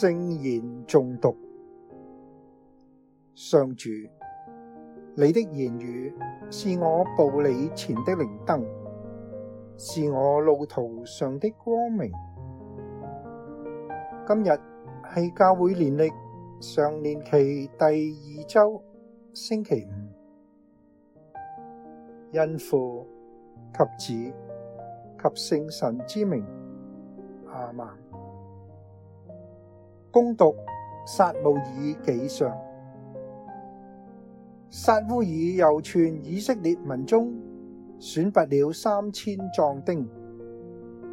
聖言誦讀，上主，你的言語是我步履前的靈燈，是我路途上的光明。今日係教會年曆常年期第二周星期五，因父及子及聖神之名，阿門。恭讀撒慕爾紀上，撒烏耳由全以色列民中選拔了三千壯丁，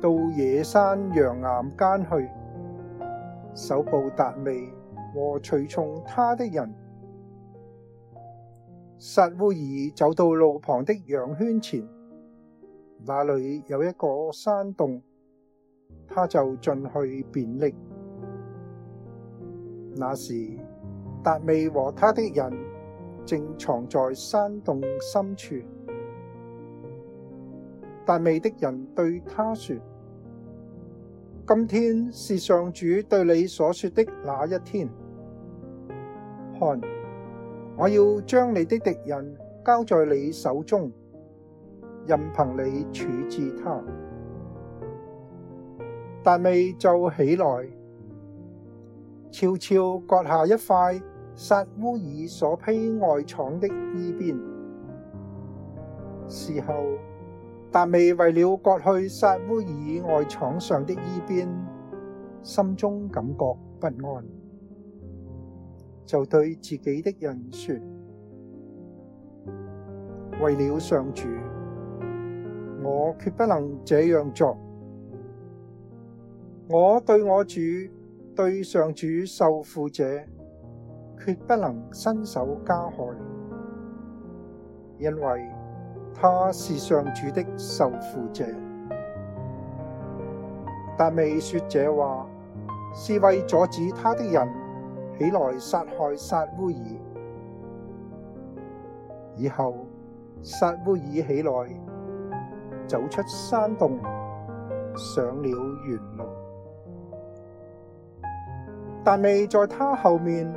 到野山羊岩間去，搜捕達味和隨從他的人。撒烏耳走到路旁的羊圈前，那裏有一個山洞，他就進去便溺。那時達味和他的人正藏在山洞深處，達味的人對他說：今天是上主對你所說的那一天，看，我要將你的敵人交在你手中，任憑你處置他。達味就起來。悄悄割下一塊撒烏爾所披外氅的衣邊。事後，達味為了割去撒烏爾外氅上的衣邊，心中感覺不安，就對自己的人說：為了上主，我決不能這樣做。我對我主。對上主受傅者，決不能伸手加害，因為他是上主的受傅者。達味說這話，是為阻止他的人起來殺害撒烏耳。以後撒烏耳起來，走出山洞，上了原路。達味在他後面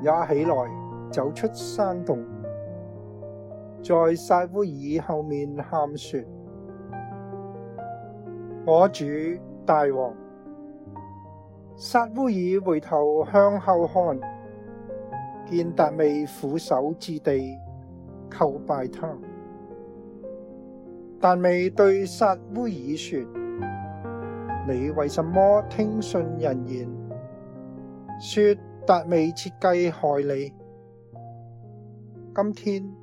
也起來走出山洞，在撒烏耳後面喊說：“我主大王，撒烏耳回頭向後看，見達味俯首至地，叩拜他。達味對撒烏耳說：你為什麼聽信人言？”說達味設計害你，今天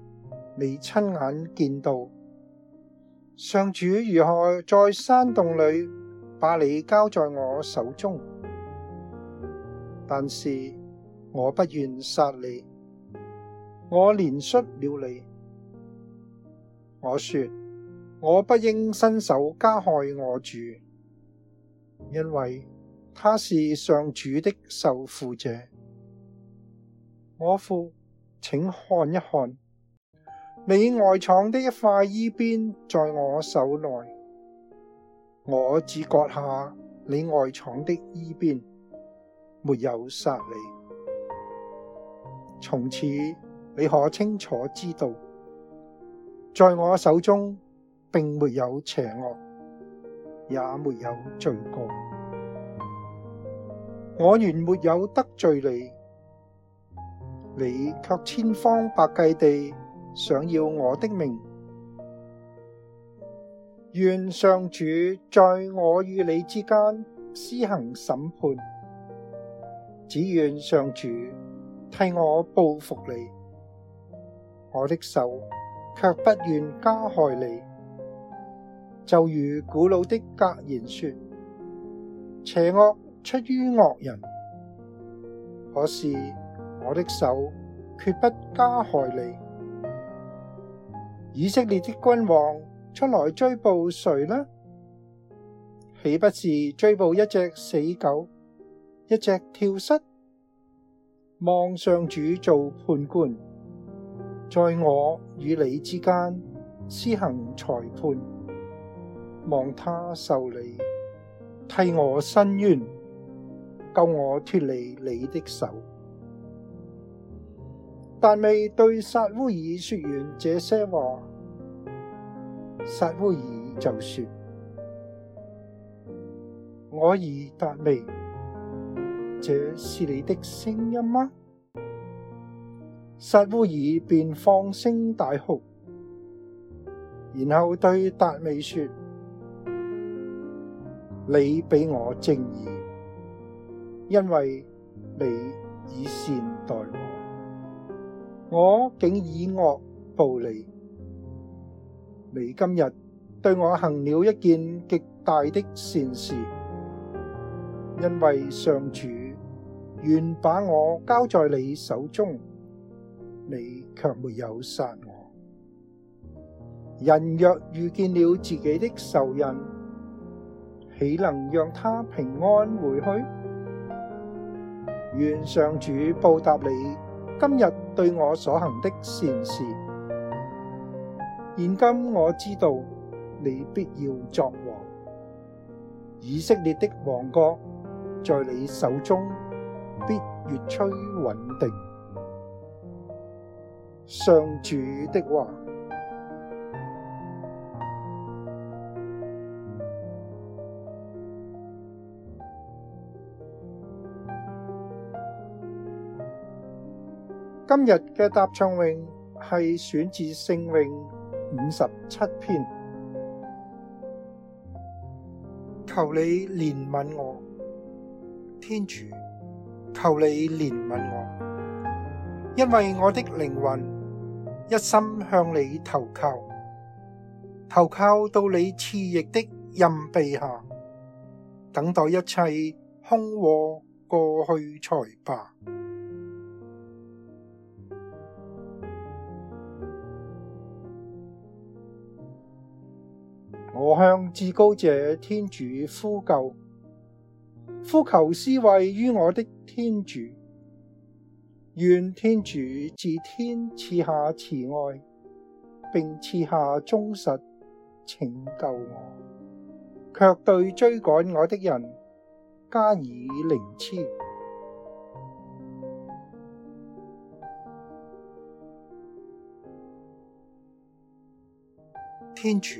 你親眼見到上主如何在山洞裏把你交在我手中，但是我不願殺你，我憐恤了你。我說我不應伸手加害我主，因為他是上主的受傅者，我父，請看一看你外氅的一塊衣邊在我手內，我只割下你外氅的衣邊，沒有殺你。從此你可清楚知道，在我手中並沒有邪惡，也沒有罪過。我原沒有得罪你，你卻千方百計地想要我的命。願上主在我與你之間施行審判，只願上主替我報復你。我的手卻不願加害你，就如古老的格言說：邪惡出於惡人，可是我的手絕不加害你。以色列的君王出來追捕誰呢？豈不是追捕一隻死狗，一隻跳蚤？望上主做判官，在我與你之間施行裁判，望他受理，替我申冤伸冤。救我脫離你的手，達味對撒烏耳說完這些話，撒烏耳就說：我兒達味，這是你的聲音嗎？撒烏耳便放聲大哭，然後對達味說：你比我正義。因為你以善待我，我竟以惡報你。你今日對我行了一件極大的善事，因為上主原把我交在你手中，你卻沒有殺我。人若遇見了自己的仇人，豈能讓他平安回去？願上主報答你今日對我所行的善事。現今我知道你必要作王，以色列的王國在你手中必愈趨穩定。上主的話。今日嘅答唱詠係選自聖詠五十七篇，求你憐憫我，天主，求你憐憫我，因為我的靈魂一心向你投靠，投靠到你翅翼的蔭庇下，等待一切凶禍過去才罷。向至高者天主呼救，呼求施惠於我的天主，願天主自天賜下慈愛，並賜下忠實，拯救我，却對追趕我的人加以凌嗤。天主，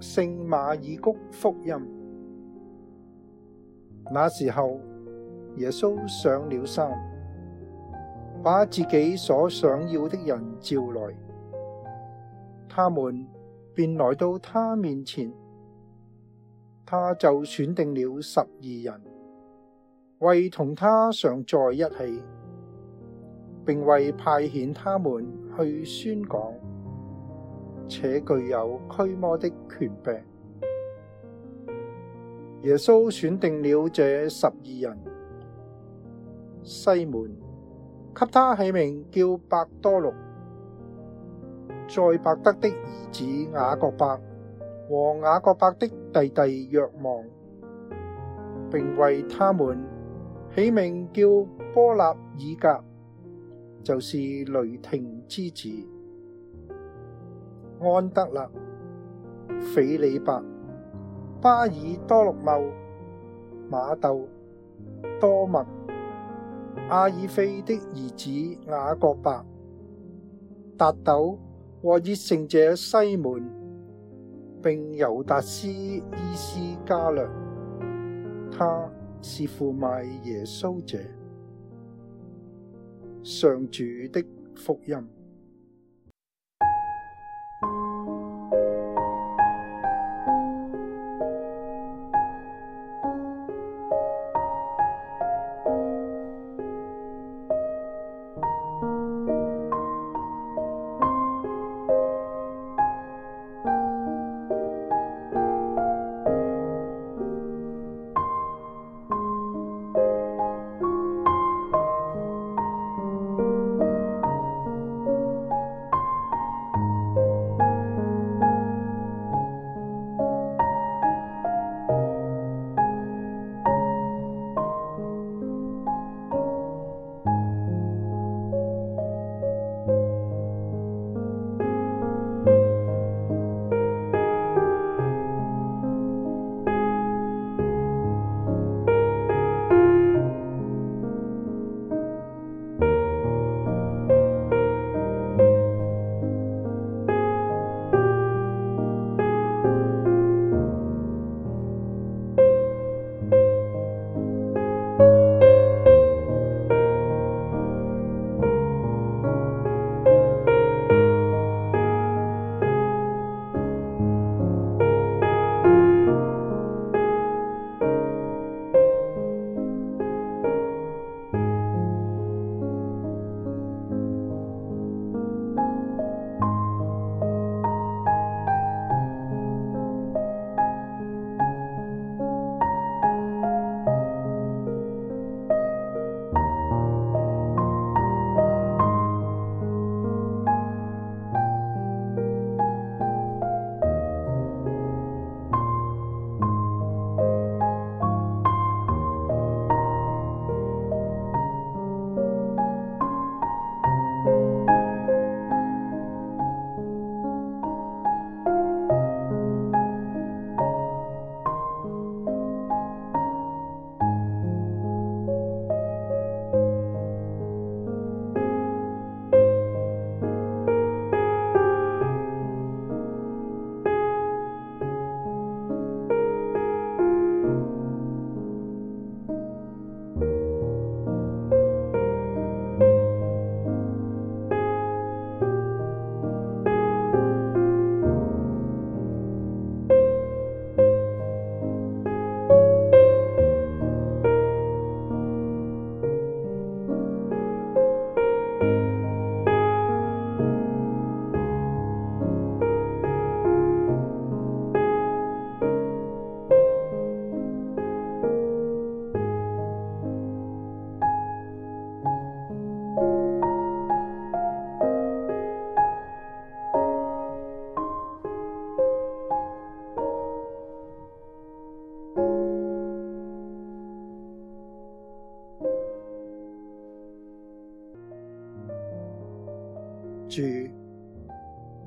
聖馬爾谷福音，那時候，耶穌上了山，把自己所想要的人召來，他們便來到他面前，他就選定了十二人，為同他常在一起，並為派遣他們去宣講，且具有驅魔的權柄，耶穌選定了這十二人：西滿，給他起名叫伯多祿；載伯德的兒子雅各伯，和雅各伯的弟弟若望；並為他們起名叫波納爾革，就是雷霆之子。安德肋、斐理伯、巴爾多祿茂、瑪竇、多默、阿耳斐的兒子雅各伯、達陡和熱誠者西滿，並猶達斯依斯加略，他是負賣耶穌者，上主的福音。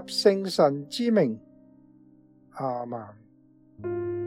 及聖神之名，阿們。Amen.